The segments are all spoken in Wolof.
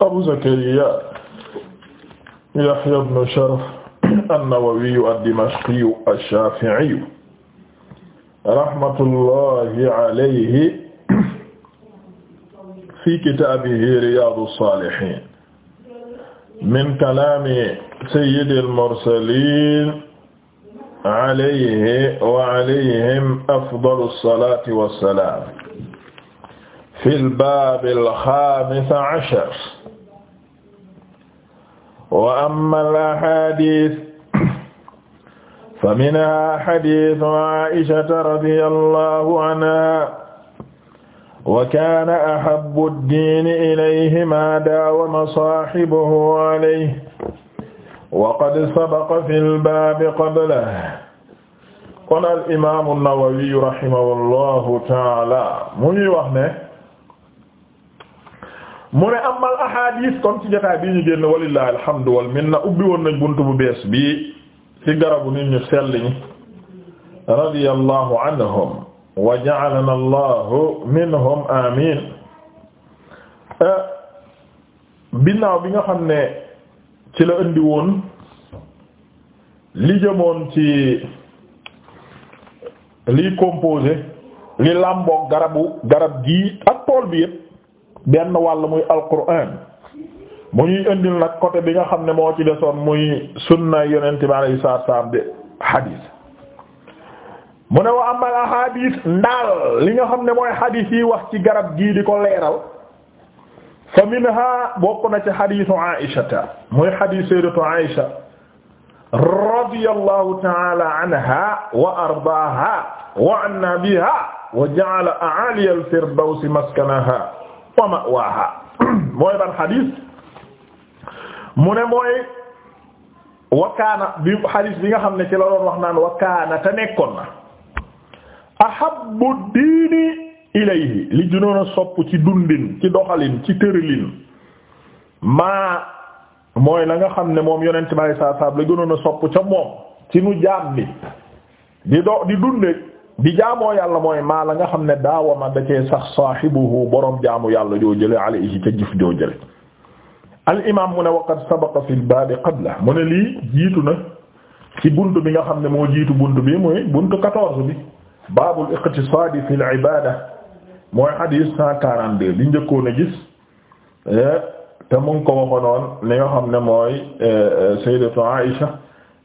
Abu Zakariya Yahya ibn Sharaf an-Nawawi ad-Dimashqi ash-Shafi'i rahmatullahi alayhi fi kitaabihi Riyaadu s-Saalihiin min kalaami sayyidil mursaliin alayhi wa alayhim afdalu s-salaati wa s-salaam fil baabil xaamis ashar wa amma al-ahaadiis fa minhaa hadiisu Aa'ishata radiyallaahu anhaa wa kaana ahabbu ad-diini ilayhi maa daawama saahibuhu alayhi wa qad sabaqa fil baabi qablahu qaala al-imaamu an-Nawawi rahimahullaahu ta'aalaa mu ñuy wax ne mu ne amal ahadis kon ci jotaay bii ñu génn walillahi alhamdu wal minna ubbi woon nañ buntu bu bees bii ci garabu nit ñu sell ñi radiyallahu anhum wa ja'alana allahu minhum amin binnaaw bi nga xam ne ci la indi woon li jëmoon ci li composé li làmboog garabu garab gii ak tool bi yépp benn wàll muy alquran bi nga xam ne moo ci desoon muy sunna yonent bi alayhi salaam de hadith mu wa amal ahadith ndaal li nga xam ne mooy hadith yi wax ci garab gii di ko leeral fa minha bokk na ci hadithu muy hadith sayyidatu Aïsha radiyallahu ta'ala anha wa ardaaha wa anna biha wa ja'ala a'ali al-firdaws maskanaha a ma'waha mooy ban xadis mu ne mooy wakaana bi xadis bi nga xam ne ci la doon wax naan wakaana te nekkoon na ahabbu diini ilayhi li junoon a sopp ci dundin ci doxalin ci tëralin maa mooy la nga xam ne moom yonent bi saa saab la gënoon a sopp ca moom ci nu jaam bi di do di dunde di jaamoo yàlla mooy maa la nga xam ne daawama da cee sax saahibuhu borom jaamu yàlla joo jële alayhi ca jëf joo jële al imaam mu ne waqad sabaqa fil baabi qabla mu ne lii jiitu na ci buntu bi nga xam ne moo jiitu buntu bi muy buntu 14 bi baabul iqtisaadi fil ibaada mooy hadith 142 li njëkkoon a gis eh, te mu ngi ko waxoonoon li nga xam ne mooy eh, eh, sayyidatu Aisha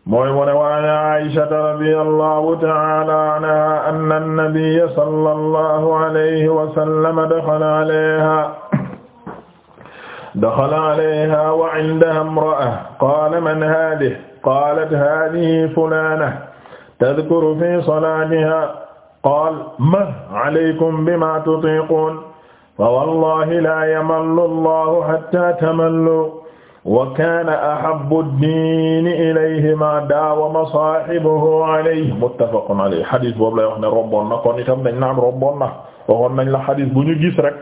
mooy mu ne waan aishata radiyallahu ta'ala anha anna an-nabiyya sallallahu alayhi wa sallam dakhala alayha dakhala alayha wa 'indaha imra'a qala man hadhihi qalat hadhihi fulana tadhkuru fi salatiha qala ma 'alaykum bima tutiqun fa wallahi la yamallu Allahu hatta tamallu wa kaana ahabbu diini ilayhi ma daawama saahibuhu alayhi muttafaqun alayhi xadis boobu lay wax ne romboon na kon tam dañ naan romboon na waxoon nañ la xadis bu ñu gis rek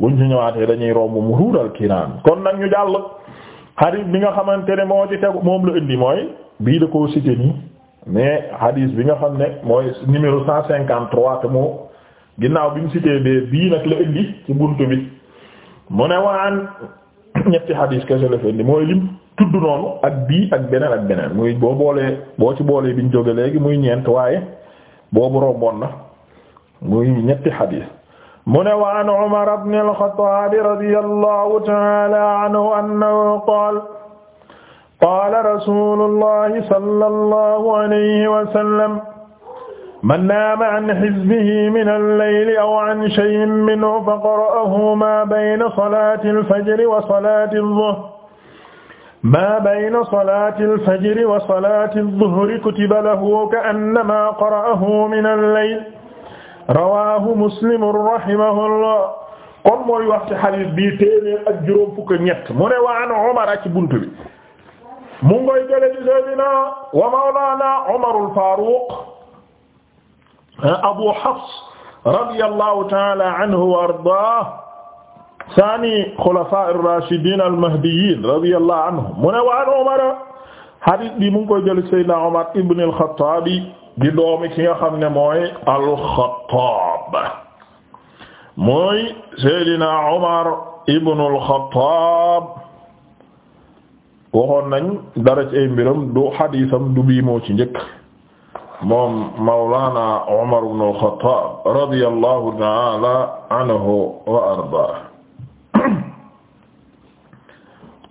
ñu ci ñëwaatee dañuy romb muruural kiraan kon nag ñu jàll xadis bi nga xamante ne moo ci tegu moom la indi mooy bii da ko cité nii mais xadis bi nga xam ne mooy numéro cent cinquante trois te moo ginnaaw bi ñu cité bee bii nag la indi ci buntu bi mu ne waan ñetti xadiis kese la fendi mooy lim tudd noonu ak bii ak beneen ak beneen muy boo boolee boo ci boolee ñu jóge léegi muy ñeent waaye boobu romboon na muy ñetti xadiis mu ne wa an Umar ibn al a radiyallahu ta'ala anhu annahu qaala qaala rasuulullahi sallallahu alayhi wa sallam man naama an hizbihi min al-layli aw an shay'in minhu faqara'ahu ma bayna salaati al-fajri wa salaati adh-dhuhri ma bayna salaati al-fajri wa salaati adh-dhuhri kutiba lahu ka'annama qara'ahu min al-layl rawaahu Muslim rahimahullah kon mooy wax ci hadiis bi téeméer ak juróom fukk ak ñett mu ne wa an Umar ci bunt bi mu ngoy jële ci Seydina wa mawlaana Umar al-Faaruq Abu Hafs radiyallahu ta'ala anhu wa ardaahu saani xulafaa ar-raashidiin al-mahdiyyiin radiyallahu anhum mu ne waan Umar hadiis bi mu ngi koy jël Seydina Umar ibn al-Khattaab di doomi ki nga xam ne mooy al-Khattaab mooy Seydina Umar ibn al-Khattaab waxoon nañ dara ci ay mbiram du hadiisam du bii moo ci njëkk moom Mawlana Umar ibn al-Khattab radiyallahu ta'ala anhu wa arda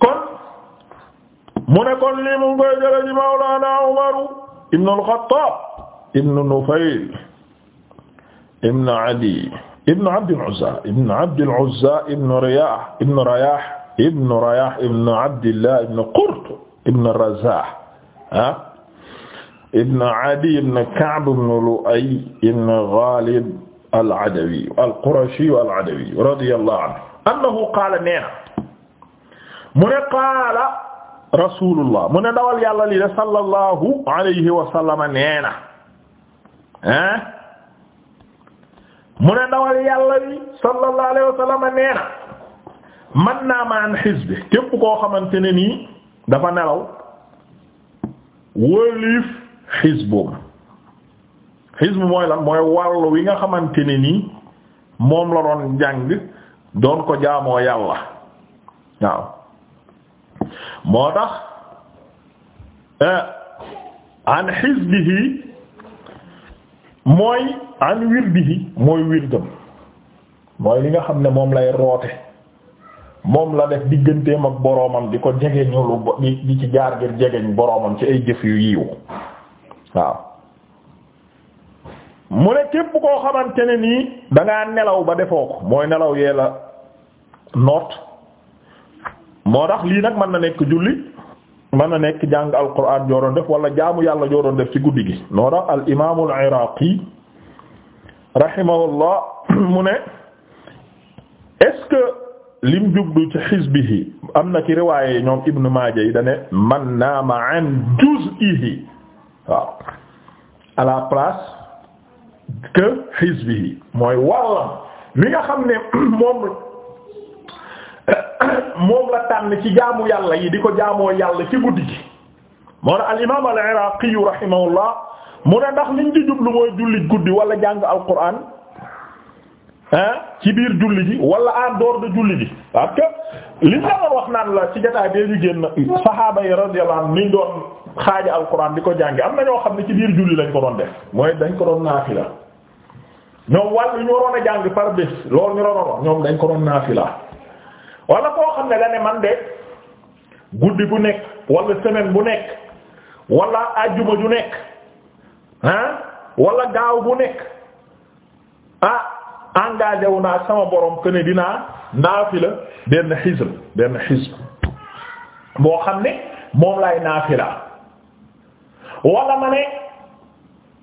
kon mu ne kon lii mu ngi koy jëlee ci Mawlana Umar ibn al-Khattab ibn Nufayl ibn Adi ibn Abd al-Uzza ibn Abd al-Uzza ibn Riyah ibn Riyah ibn Riyah ibn Abdillah ibn Qurt ibn Razah ah. ibn Adi ibn Ka'b ibn Lu'ay ibn Ghalib al-Adawi al-Qurashi al-Adawi radiyallahu anhu annahu qaala neena mu ne qaala rasulullah mu ne dawal yàlla li de sallallahu alayhi wa sallama neena ah mu ne dawal yàlla li sallallahu alayhi wa sallama neena man naama an hizbi képp koo xamante ne nii dafa nelaw wóolif xisbum xisb mooy lan mooy wàllu wi nga xamante ne nii moom la doon jàng doon ko jaamoo yàlla waaw moo tax eh, an xisbihi mooy an wirdihi mooy wirdam mooy li nga xam ne moom lay roote moom la def digganteem ak boroomam di ko jegeñu lu di ci jaar ngir jegeñ boroomam ci ay jëf yu yiw waaw mu ne képp koo xamante ne nii da nelaw ba defoo ko mooy nelaw yee la noot moo tax lii nag mën na nekk julli mën na nekk jàng alquran joo doon def wala jaamu yàlla joo def ci guddi gi noo tax al imaamul iraqi rahimahullah mu ne est-ce que lim jublu ci xisbihi am na ci riwaaye ñoom ibnu maaja yi dane man naama an juz'ihi waaw à la place que hizbihi mooy wàllam mi nga xam ne moom moom la tànn ci jaamu yàlla yi di ko jaamoo yàlla ci guddi gi moo na al al iraqi rahimahullah mu ne ndax liñ ci jublu mooy julli guddi wala jàng alquran ah ci biir julli ji wala en dehors de julli ji parce que liñ la wax naan la ci jotaay bee ñu génn saxaaba yi radiyallahu anhum niñ doon xaaja alquran di ko jàngi am na ñoo xam ne ci biir julli lañ ko doon def mooy dañ ko doon naafila ñoom wàllu ñu waroon a jàng par bés loolu ñu doon ñoom dañ ko doon naafila wala koo xam ne la man de guddi bu nekk wala semaine bu nekk wala ajjuma ju nekk ah wala gaaw bu nekk ah engagé wu naa sama borom que ne dinaa naafila benn xisb benn xisb boo xam ne moom lay naafila wala ma ne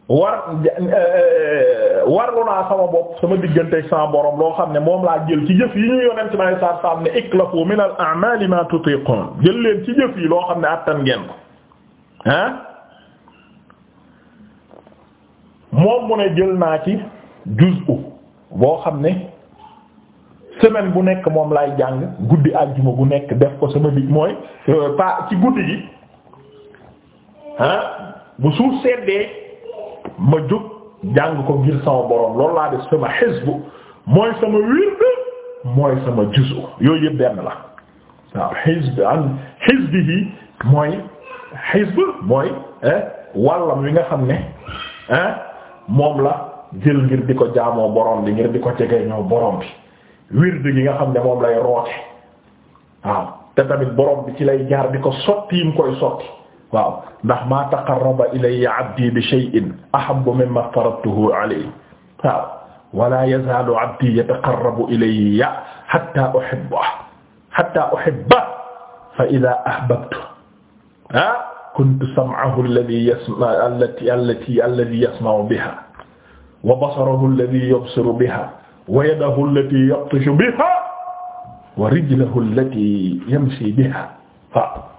war euh, warlu sama bopp sama diggante sama borom loo xam ne moom laa jël ci jëf yi ñu yonent ma saa saa am ne iklafu min al a'mal ma tutiqun jël leen ci jëf yi loo xam ne attan ngeen ko ah moom mu ne jël naa ci juz'u boo xam ne semaine bu nekk moom lay jàng guddi àjjuma bu nekk def ko sama dig mooy euh, pa ci guddi gi ah bu suuf seddee ma jóg jàng ko ngir sama borom loolu laa def sama xisbu mooy sama wird mooy sama juzu yooyu yëpp benn la waaw xisb an xisbihi mooy xisb mooy eh, wàllam wi nga xam ne eh, moom la jël ngir di ko jaamoo borom bi ngir di ko jege ñoo boroom bi wird gi nga xam ne moom lay roote waaw te tamit borom bi ci lay jaar di ko sotti yim koy sotti waaw ndax maa taqarraba ilayya abdi bi shay'in ahabbu mimma faradtuhu alayhi waaw wala yazaalu abdi yataqarrabu ilayya hatta uhibbahu hatta uhibbahu fa idha ahbabtuhu kuntu sam'ahu alladhi yasma'u allati allati alladhi yasma'u biha wa basarahu alladhi yubsiru biha wa yadahu allati yabtashu biha wa rijluhu allati yamshi biha waaw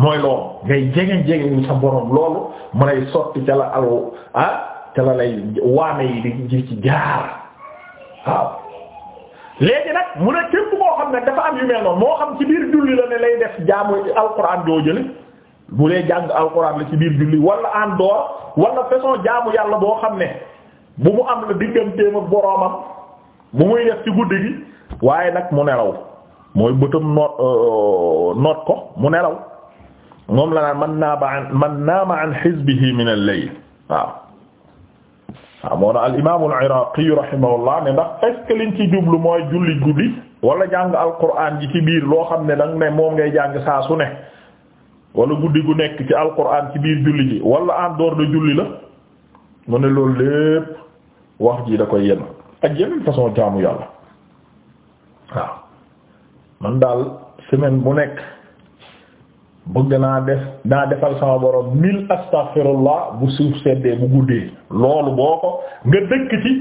mooy loolu ngay jege jege sa borom loolu mu lay sotti ca la alwo ah, waame yi di di ci jaar waaw. léegi nag mu ne képp koo xam ne dafa am yu mel noonu moo xam ci biir julli la ne lay def jaamu alquran doo jële bu dee jàng alquran la ci biir julli wala en dehors wala façon jaamu yàlla boo xam ne bu mu am la digganteem ak boroomam bu muy def ci guddi gi waaye nag mu nelaw mooy bëtam noot euh, noot ko mu nelaw. moom la naan man naama an man naama an hizbihi min al-layl waaw waaw moo na al imam al-Iraqi rahimahullah ne ndax est-ce que liñ ci jublu mooy julli guddi wala jàng alquran ji ci biir loo xam ne danga ne moom ngay jàng saa su ne wala guddi gu nekk ci alquran ci biir julli ji wala en dehors de julli la mu ne loolu lépp wax ji da koy yen ak yeneen façon jaamu yàlla waaw man daal semaine bu nekk bëgg naa def naa defal sama borom mille astaghfirullah bu suuf seddee bu guddee loolu boo ko nga dëkk ci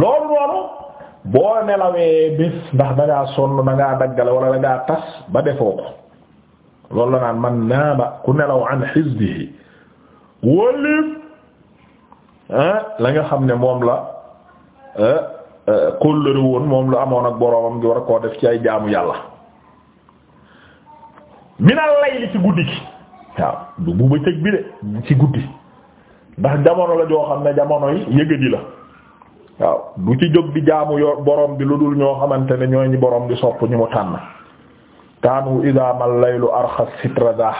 loolu noonu boo nelawee bés ndax da ngaa sonn da ngaa daggale wala da ngaa tas ba defoo ko loolu la naan man naaba ku nelaw an hizbihi wóllif ah, la nga xam ne moom la ah, ah, kóllëre woon moom lu amoon ak boromam ngi war a koo def ci ay jaamu yàlla minal layli ci guddi gi waaw du bu bëccëg bi de ci guddi ndax jamono la joo xam ne jamono yi yëgadi la waaw du ci jóg di jaamu yo boroom bi lu dul ñoo xamante ne ñooy ñi boroom bi sopp ñu mu tànn kaanu idaamal laylu arxa sitra da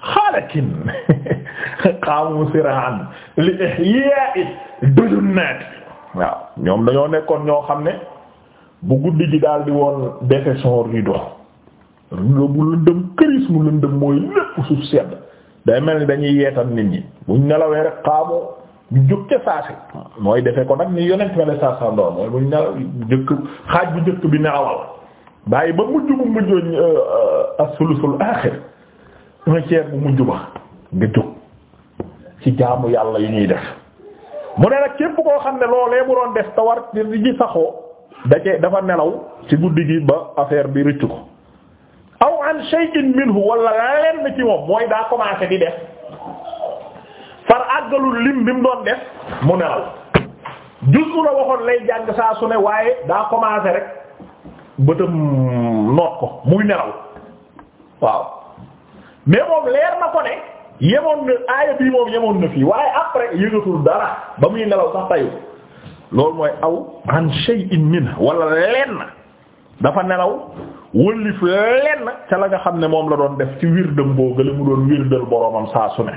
xaalatin siraan li ihyaa'i dujunaat waaw ñoom dañoo nekkoon ñoo xam ne bu guddi gi daal di woon defe son mu lëndëm këris mu lëndëm mooy lépp suuf sedd day mel ni dañuy yeetal nit ñi buñ nelawee rek xaamoo ñu saasi ah. mooy defe ko nag ni yonent mele nelaw jëkk xaaj bu jëkk bi nelawal bàyyi ba mujj bu mujjooñ euh, as-sulusul aaxir un tiers bu mujj ba nga jóg ci jaamu yàlla yu ñuy def mu ne nag képp koo xam ne loolee mu doon def te ci saxoo dafa nelaw ci guddi gi ba affaire bi rëcc ko an shay'in minhu wala lenn ci moom mooy daa commencé di def far àggalul lim bi mu doon def mu nelaw juz'u la waxoon lay jàng saa su ne waaye daa commencé rek bëtam noot ko muy nelaw waaw mais moom leer na ko ne yemoon na aaya bii moom yemoon na fii waaye après yëgatul dara ba muy nelaw sax tayu loolu mooy aw an shay'in minhu wala lenn. dafa nelaw wëllif lenn ca la nga xam ne moom la doon def ci wirdam boo gële mu doon wirdal boroomam saa su ne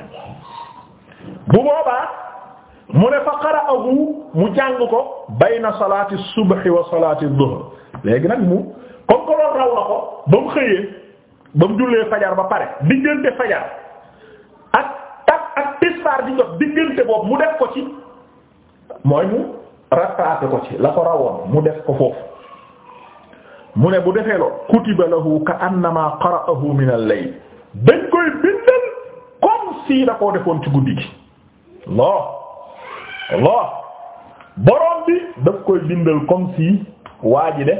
bu boobaa mu ne fa qara'ahu mu jàng ko bayna salaati subhi wa salaati dhuhr léegi nag mu comme ko loolu raw na ko ba mu xëyee ba mu jullee fajar ba pare diggante fajar ak tak ak tisbaar di jot diggante boobu mu def ko ci mooy mu rattrapé ko ci la ko rawoon mu def ko foofu mu ne bu defee lool kutiba lahu ka annama qara'ahu min al-layl dañ koy bindal comme si da koo defoon ci guddi gi Allah Allah borom bi daf koy bindal comme si waa de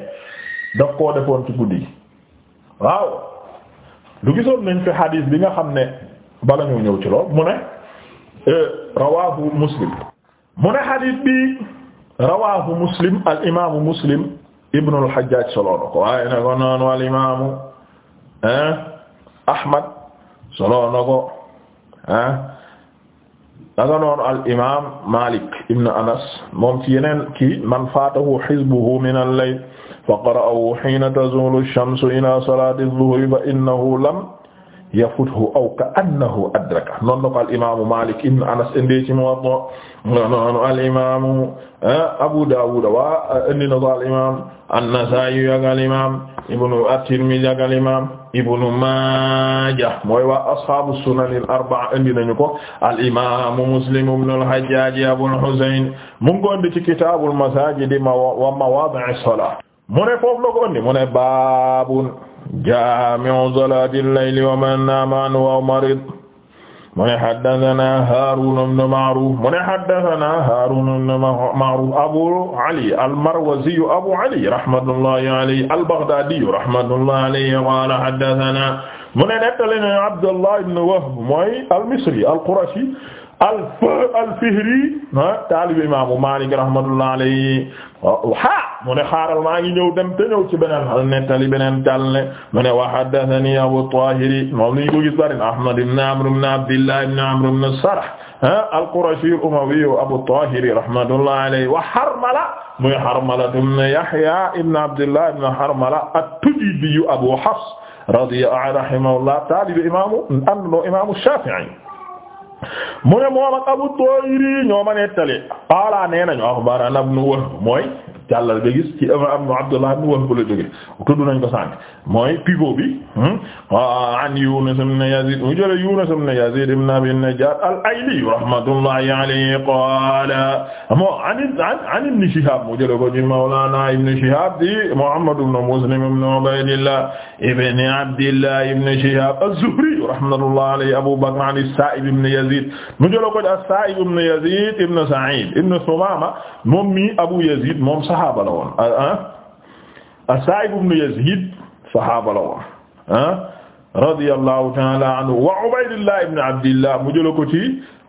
daf koo defoon ci guddi gi waaw lu gisoon nañ fi xadiis bi nga xam ne bala ñu ñëw ci lool mu ne euh, rawaahu muslim mu ne xadiis bi rawaahu muslim al imaamu muslim ibnu al-Hajjaj solo na ko waaye na ko noonu al imaamu Ahmad solo na ko naka noonu al imaam Malik ibn Anas moom ci yeneen kii man faatahu hizbuhu min al-layl fa qara'ahu hiina tazuulu ash-shamsu ilaa salaati adh-dhuhri fa innahu lam yafuthu aw ka annahu adraka noonu la ko al imaamu Malik ibn Anas indi ci Muwatta noonu al imaamu ah, Abu Dawud wa ah, indi na ko al imaam An-Nasaa'i ak al imaam ibnu At-Tirmidhi ak al imaam ibnu Maaja mooy waa ashaabu sunan al-arba'a indi nañu ko al imaamu Muslim ibn al-Hajjaaj Abul Husayn mu ngi ko indi ci kitaabul masaajid wa mawaadi'i as-salaat mu ne foofu la ko indi mu ne baabun jaami'u salaatil layli wa man naama anhu aw marid mu ne haddasanaa Haaruun ibn Ma'ruuf mu ne haddasanaa Haaruun ibn Ma'ruuf Abuu Ali al-Marwazi Abuu Ali rahmatullahi alayhi al-Baghdaadi rahmatullahi alayhi qaala haddasanaa mu ne nettali na Abdullah ibn Wahb mooy al-Misri al-Qurashi alf alfihri ah, taalibe imaamu Maalik rahmatullah alayhi ha mu ne xaaral maa ngi ñëw dem te ñëw ci beneen al nettali beneen tàlle mu ne wa haddathani Abu Tahir moom lañu ko gis bari Ahmad ibn Amr ibn Abdillah ibn Amr ibn Sarh ah, al-Qurashi al-Umawi Abu Tahir rahmatullah alayhi wa Harmala muy Harmala ibn Yahya ibn Abdillah ibn Harmala at-Tujibi Abu Hafs radiya rahimahullah taalibe imaamu andoo imaamu Shafi'i mu ne moom ak Abu Tayri ñoo ma nettali qaala nee nañu axbarana Ibnu Wahb mooy jàllal ba gis ci am Abdullah ibn Wahb la jóge tudd nañ ko sànq mooy pivot bi hmm? an Yunus ibn Yazid mu jële Yunus ibn Yazid ibn Abi Najjar al-Ayli rahmatullahi alayhi qala moo an an ibn Shihab mu jële ko ci Mawlana ibn Shihab di Muhammad ibn Muslim ibn Ubaydillah ibn Abdillah ibn Shihab az-Zuhri rahmatullahi alayhi Abu Bakr an as-Sa'ib ibn Yazid mu jële ko as-Sa'ib ibn Yazid ibn Sa'id ibn Sumama moom mi Abu Yazid moom saxaaba la woon ah, ah, as-Sa'ib ibn Yazid saxaaba la woon ah, radiyallahu ta'ala anhu wa Ubaydillah ibn Abdillah mu jëla ko ci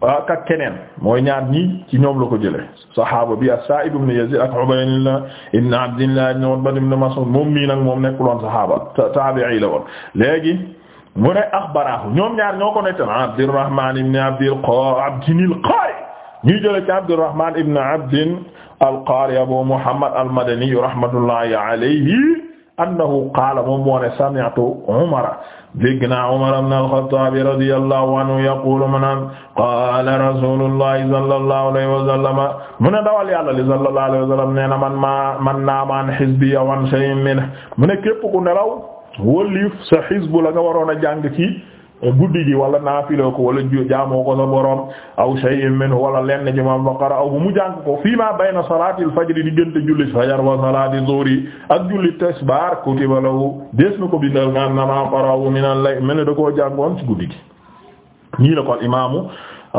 ak keneen mooy ñaar ñi ci ñoom la ko jële saxaaba bi as-Sa'ib ibn Yazid ak Ubaydillah ibn Abdillah ibn Utba ibn Mas'ud moom mii nag moom nekkul woon saxaaba taabi'i la woon léegi mu ne axbaraahu ñoom ñaar ñoo ko nettal Abdurrahman ibn Abdil Qari ñuy jële ci Abdurrahman ibn Abdin al-Qaari Abu Muhammad al-Madani rahmatullahi alayhi annahu qaala moom moo ne sami'tu Umar dégg naa Umar ibn al-Khattab radiyallahu anhu yaqulu mu naan qaala rasulullahi sallallahu alayhi wa sallam mu ne dawal yàlla li sallallahu alayhi wa sallam nee na man maa man naama an hizbi aw an shay'in minhu mu ne képp ku nelaw wëlif sa xisbu la nga waroon a jàng ci Eh, guddi gi wala naafiloo ko wala jaamoo ko sa borom aw shay'in minhu wala lenn ci moom faqara aw mu jàng ko fii ma bayna salaatil fajri diggante julli fajar wa salaati zuhri ak julli tisbaar kutiba lahu des na ko bindal nga na ma qara'u min al mel ne da koo jàngoon guddi gi. nii la ko al imaamu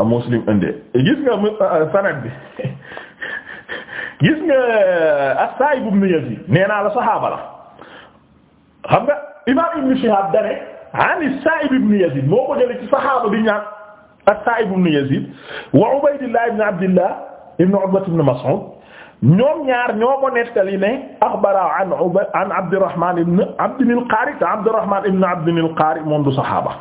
muslim indee eh, gis nga eh, sanad bi gis nga as-Sa'ib ibn la saxaaba la xam nga imaam Ibn Shihab dane an Sa'ib ibn Yazid moo ko jëlee ci saxaaba bi ñaan as-Sa'ib ibn Yazid wa Ubaydillah ibn Abdillah ibn Utba ibn Mas'ud ñoom ñaar ñoo ko nettali ne axbara an an Abdurrahman ibn Abd al-Qari te Abdurrahman ibn Abd al-Qari moom du saxaaba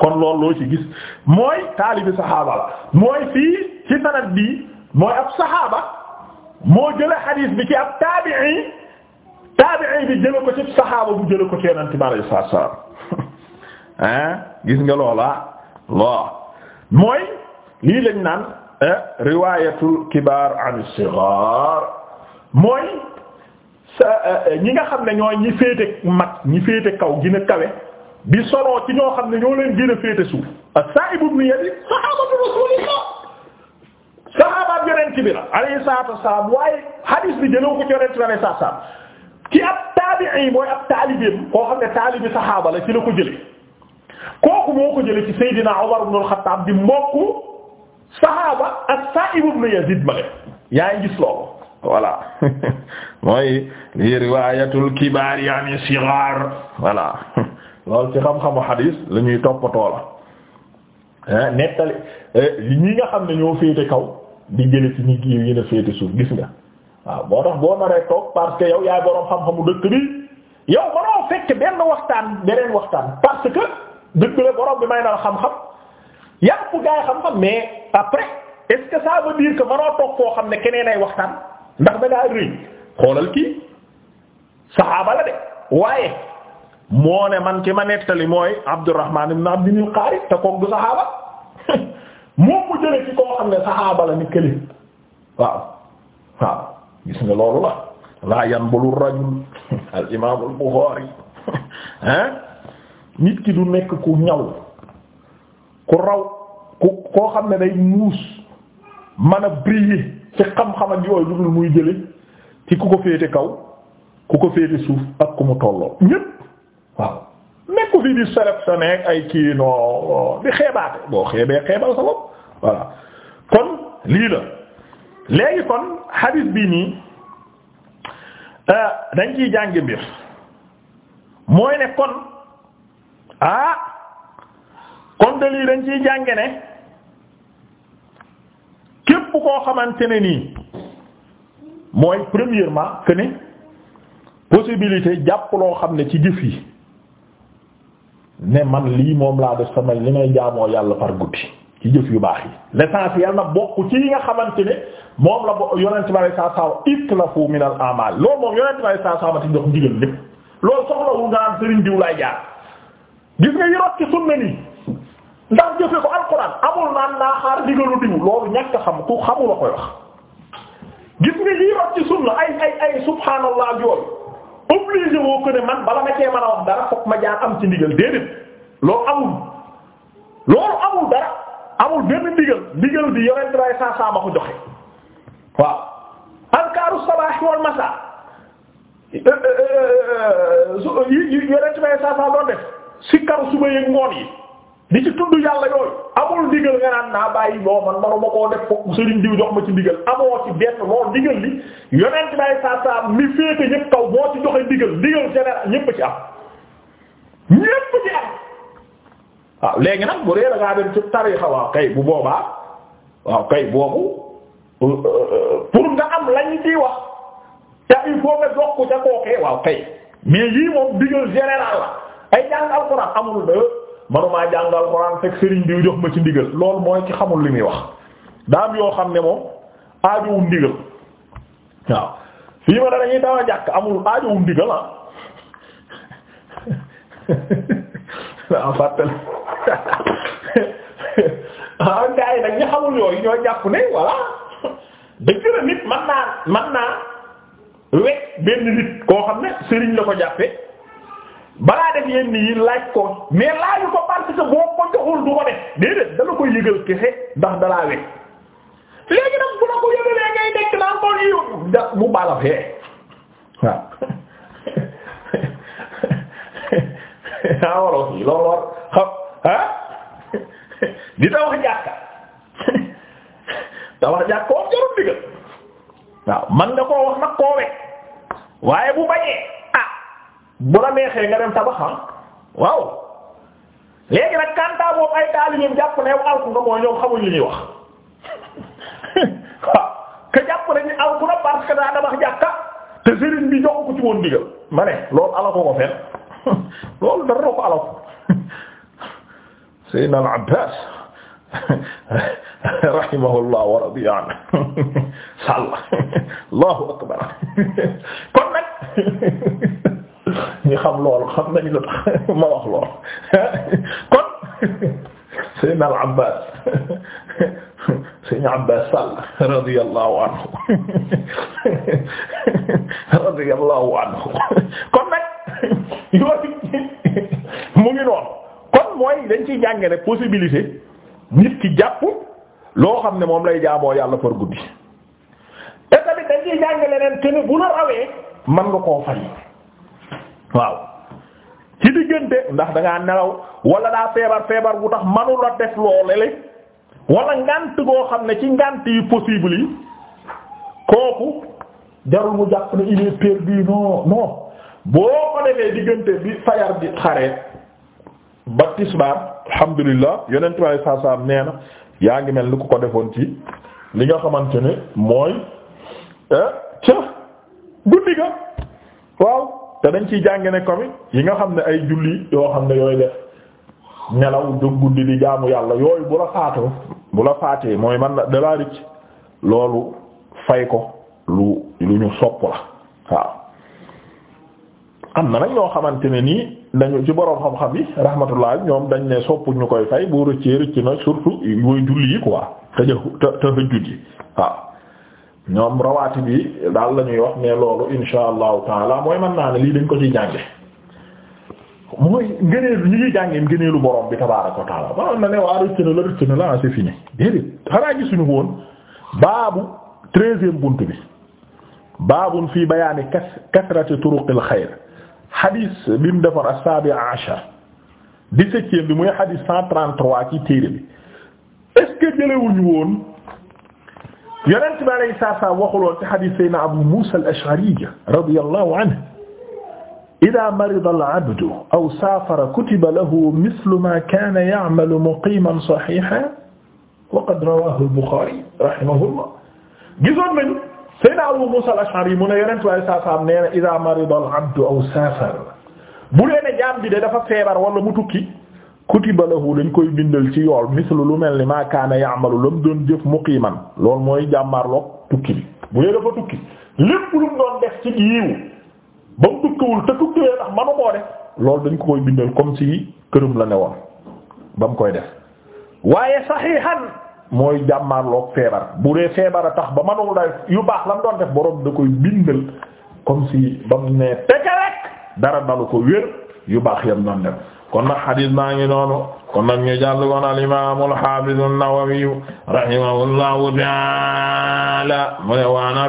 kon loolu loo ci gis mooy taalibi saxaaba la mooy fii ci sanad bi mooy ab saxaaba moo jëlee xadiis bi ci ab taabi'i taabi'i bi jële ko ci saxaaba bu jële ko ci yonent bi alayhi salaatu salaam ah gis nga loola loo lii lañ naan eh, riwaayatul kibaar an eh, ñi nga xam ne ñooy ñi féete mag ñi féete kaw gën a kawe bi ci ñoo xam ne ñoo leen gën a féete suuf as-Saa'ib ibn Yaziid saxaabatu rasuulillah saxaabaat yonent bi la alayhi salaatu waaye hadiis bi jële ko ci yonent bi alayhi salaatu salaam ci ab taabi'i mooy ab taalibeem koo xam ne taalibi saxaaba la ci la ko jële kooku moo ko jële ci Seydina Umar ibn al-Khattab mbokku saxaaba as-Sa'ib ibn yaa ngi gis loolu voilà mooy li riwaayatul kibaar yaani sigaar voilà loolu ci xam-xamu xadiis la ñuy toppatoo la eh, nettali eh, ñi nga xam ne ñoo féete kaw di jële ci ñi yi na féete suuf gis nga waaw moo tax boo naree toog parce que yow yaay boroom xam-xamu dëkk bi yow mënoo fekk benn waxtaan beneen waxtaan parce que dëkk la boroom bi may na xam-xam yàpp gaay xam-xam mais après est-ce que ça veut toog foo xam ne keneen ay waxtaan ndax da ngaa rëy xoolal kii saxaaba la de waaye moo ne man ki ma nettali mooy Abdurrahman ibn Abdul Qari te koog saxaaba moom mu jëlee koo xam ne saxaaba la ni kële waaw waaw. gis nga loolu la laa yanbulu rajul al imaam al Buxaari hein nit ki du nekk ku ñaw ku raw ku koo xam ne day muus mën a briller ci xam-xam ak yooyu lu dul muy jële ci ku ko féete kaw ku ko féete suuf ak ku mu tolloo ñépp waaw nekku fii di sélectionné ak ay kii noo di xeebaate boo xeebee xeebal sa bopp voilà kon lii la léegi kon hadith bi nii euh, dañ ciy jàngi mbir mooy ne kon ah kon de lii dañ ciy jànge ne képp koo xamante ne nii mooy premièrement que ne possibilité jàpp loo xam ne ci jëf yi ne man lii moom laa def sama li may jaamoo yàlla par guddi ci jëf yu baax yi l'essentiel na bokk ci yi nga xamante ne moom la bo yonent bi alayhi salaatu salaam itlafu min al amal loolu moom yonent bi alayhi salaatu salaam jox ndigal lépp loolu soxlawul nga naan Serigne diw laay jaar gis nga yi rot ci sunna nii ndax jëfe ko alquran amul naan naa xaar ndigalu diw loolu ñàkk xam ku xamul koy wax gis nga yi rot ci sunna ay ay ay subhanallah yooyu obligé woo ko ne man bala ma cee mën a wax dara fokk ma jaar am ci ndigal déedéet amul benn ndigal ndigal bi yonent bay saa saa ma ko joxe waaw alkaaru sabaax wal masaa eh, eh, eh, yi yonent bay saa saa doon def sikkaru suba yeek ngoon yi di ci tudd yàlla yooyu amul ndigal nga naan naa bàyyi boo man manuma koo def foofu sëriñ diw jox ma ci ndigal amoo ci benn loolu ndigal li yonent bay saa saa mi féete ñépp kaw boo ci joxe ndigal ndigal général ñépp ci am ñépp ci am waaw léegi nag bu dee da dem ci tarixa waaw kay bu boobaa waaw kay boobu euh, euh, pour nga am lañ ci wax te il faut nga jokk ca kookee waaw kay mais yii moom digal général la ay jàng alxuraan amul manumaa jàng alxuraan fekk sëriñ diw jox ma ci ndigal loolu mooy ci xamul li muy wax daam yoo xam ne moom aajowu ndigal waaw fii ma ne dañuy daw jàkk amul aajowu ndigal ah waaw fàttali ah gars yi nag ñu yooyu ñoo jàpp ne voilà dëgg la nit man naa man naa wekk benn nit koo xam ne sëriñ la ko jàppe balaa def yenn yi laaj ko mais laaju ko parce que boo ko joxul du ko def déedéet dala koy yëgal kese ndax dalaa wekk léegi nag bu la ko yëgalee ngay nekk naan ko lii da mu bala fee waaw ah wolof yi loolu war ah di tabax jàkka tabax jàkka koo jarul digal waaw man nga koo wax nag koo waaye bu bañee ah bu la neexee nga dem tabax ah. waaw léegi nag kanta boobu ay taalibeem jàpp ne yow alku nga mooy ñoom xamuñ li wax waaw ka jàpp ne ñu alku na parce daa tabax jàkka te sëriñ bi jox ci woon digal ma loolu ala ko fen loolu dara ko ala Seydina al Abbaas rahimahullah wa radiya anhu sàll Allahu akbar kon nag ñu xam loolu xam nañu lu tax ma wax loolu kon Seydina al Abbaas Seydina Abbaas Sall radiyallahu anhu radiyallahu anhu kon nag yooyu mu ngi noonu kon mooy dañ ciy jànge ne possibilité nit ki jàpp loo xam ne moom lay jaamoo yàlla par guddi te tamit dañ ciy jànge leneen te ne bu la rawee man nga koo fay waaw ci diggante ndax dangaa nelaw wala daa feebar feebar bu tax manul a def loolele wala ngànt goo xam ne ci ngànt yi possible yi kooku jarul mu jàpp ne il est perdu non non boo ko defee diggante bi fayar bi xaree ba tisbaar alhamdulilah yonent saa saa nee na yaa ngi mel ni ko defoon ci li nga xamante ne mooy eh, ca guddi ga waaw te dañ ciy jànge ne comme yi nga xam ne ay julli yoo xam ne yooy def nelaw jóg guddi di jaamu yàlla yooyu bu la faatoo bu la faatee mooy man da laa ricc loolu fay ko lu lu ñu sopp la waaw am na nag ñoo xamante nii dañu ci boroom xam-xam yi rahmatullah ñoom dañ ne soppu ñu koy fay bu rëccee rëcc na surtout mooy julli yi quoi te te tahajjud yi waaw ñoom rawaati bi daal la ñuy wax ne loolu insha allahu taala mooy mën naa ne lii dañ ko ci jànge mooy ngëneelu ñu ngi jàngee ngëneelu borom bi tabaaraka wa taala ba na ne waa rëcc na la rëcc na la c'est fini déedéet xanaa gisuñu woon baabu treizième bunt bi baabun fii bayaani kas kasrati turuqil xayr xadis bi mu defoon as-sabi ashar dix-septième bi muy xadis cent trente-trois ci téere bi est-ce que jëlewuñu woon yonent bi alayhi salaam waxuloon ci xadis sayna abu musa al-ash'ari radiyallahu anhu ida marida al-abdu aw saafara kutiba lahu mislu ma kaana ya'malu muqiman sahihan wa qad rawahu al-bukhari rahimahullah gisoon nañu Seydina Abu Musa al-Ash'ari mu ne yonent waaye saa saam nee na idaa marida al-abdu aw saafar bu dee ne jaam bi de dafa feebar wala mu tukki kutiba lahu dañ koy bindal ci yool mislu lu mel ni maa kaana ya'malu la mu doon jëf muqiiman loolu mooy jàmmarloog tukki bi bu dee dafa tukki lépp lu mu doon def ci yiiw ba mu tukkiwul te tukkiwee tax manu koo def loolu dañ ko koy bindal comme si këram la ne woon ba mu koy def waaye saxiixan mooy jàmmaarloog feebar bu dee feebar a tax ba manul day yu baax lam doon def borom da koy bindal comme si ba mu ne dara dalu ko wér yu baax yam doon def kon nag xadiis baa ngi noonu kon nag ñu jàll kon al imaam al xaafiz an-Nawawi rahimahullahu ta'ala mu ne waana